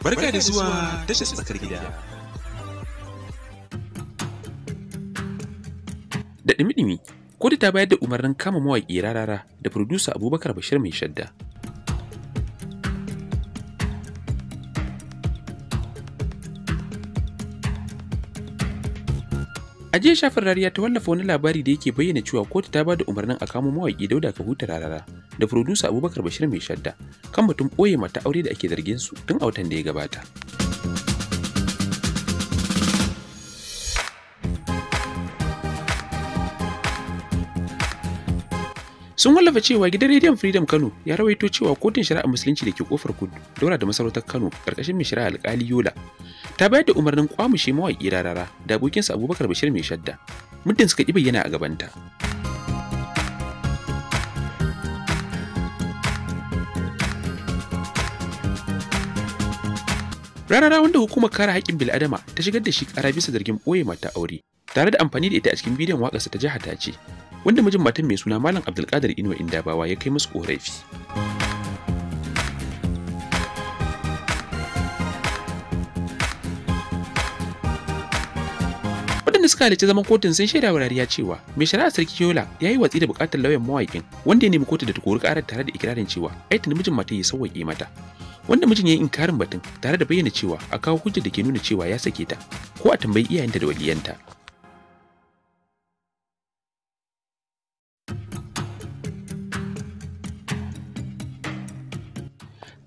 Barka da zuwa tashar tsakar gida. Da ɗimi-ɗimi, kotu ta bayar da umarnin kama mawaƙi rarara da furodusa Abubakar Bashir mai shadda A jiya shafin rariya ta wallafa wani labari da yake bayyana cewa kotu ta bada umarnin a kamo mawaƙi Dauda ka huta Rarara da furodusa Abubakar Bashir mai shadda kan mutum ɓoye mata aure da ake zargin su tun a watan da ya gabata. sun wallafa cewa gidan rediyon freedom kano ya rawaito cewa kotun shari'a musulunci da ke kofar kudu daura da masarautar kano karkashin mai shari'a alkali yola ta bayar da umarnin kwamushe mawaƙi rarara da abokinsa abubakar bashir mai shadda muddin suka ƙi bayyana a gabanta rarara wanda hukumar kare haƙƙin bil'adama ta shigar da shi ƙara bisa zargin ɓoye mata aure tare da amfani da ita a cikin bidiyon waƙarsa ta jiha ta ce wanda mijin matan mai suna malam abdulkadir inuwa indabawa ya kai musu ƙorafi da suka halarci zaman kotun sun shaida wa rariya cewa mai shari'a sarki Yola ya yi watsi da buƙatar lauyan mawaƙin wanda ya nemi kotu da ta kori ƙarar tare da ikirarin cewa ai tuni mijin mata ya sauwaƙe mata. Wanda mijin ya yi inkarin batun tare da bayyana cewa a kawo hujjar da ke nuna cewa ya sake ta ko a tambayi iyayenta da waliyanta.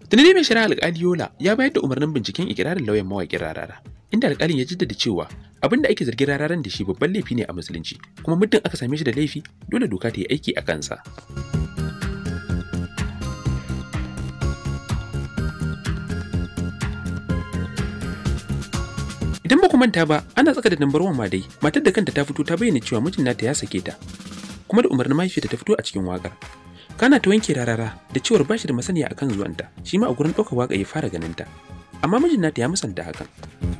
Tunani mai shari'a alƙali Yola ya bayar da umarnin binciken ikirarin lauyan mawaƙin rarara. inda alƙalin ya jaddada cewa abin da ake zargin rararan da shi babban laifi ne a musulunci kuma muddin aka same shi da laifi dole doka ta yi aiki a kansa. Idan ba ku manta ba, ana tsaka da number one ma dai, matar da kanta ta fito ta bayyana cewa mijin nata ya sake ta. Kuma da umarnin mahaifiyarta ta fito a cikin wakar. Kana ta wanke rarara da cewar bashi da masaniya akan zuwanta, shi ma a gurin ɗaukar waka ya fara ganinta. Amma mijin nata ya musanta hakan.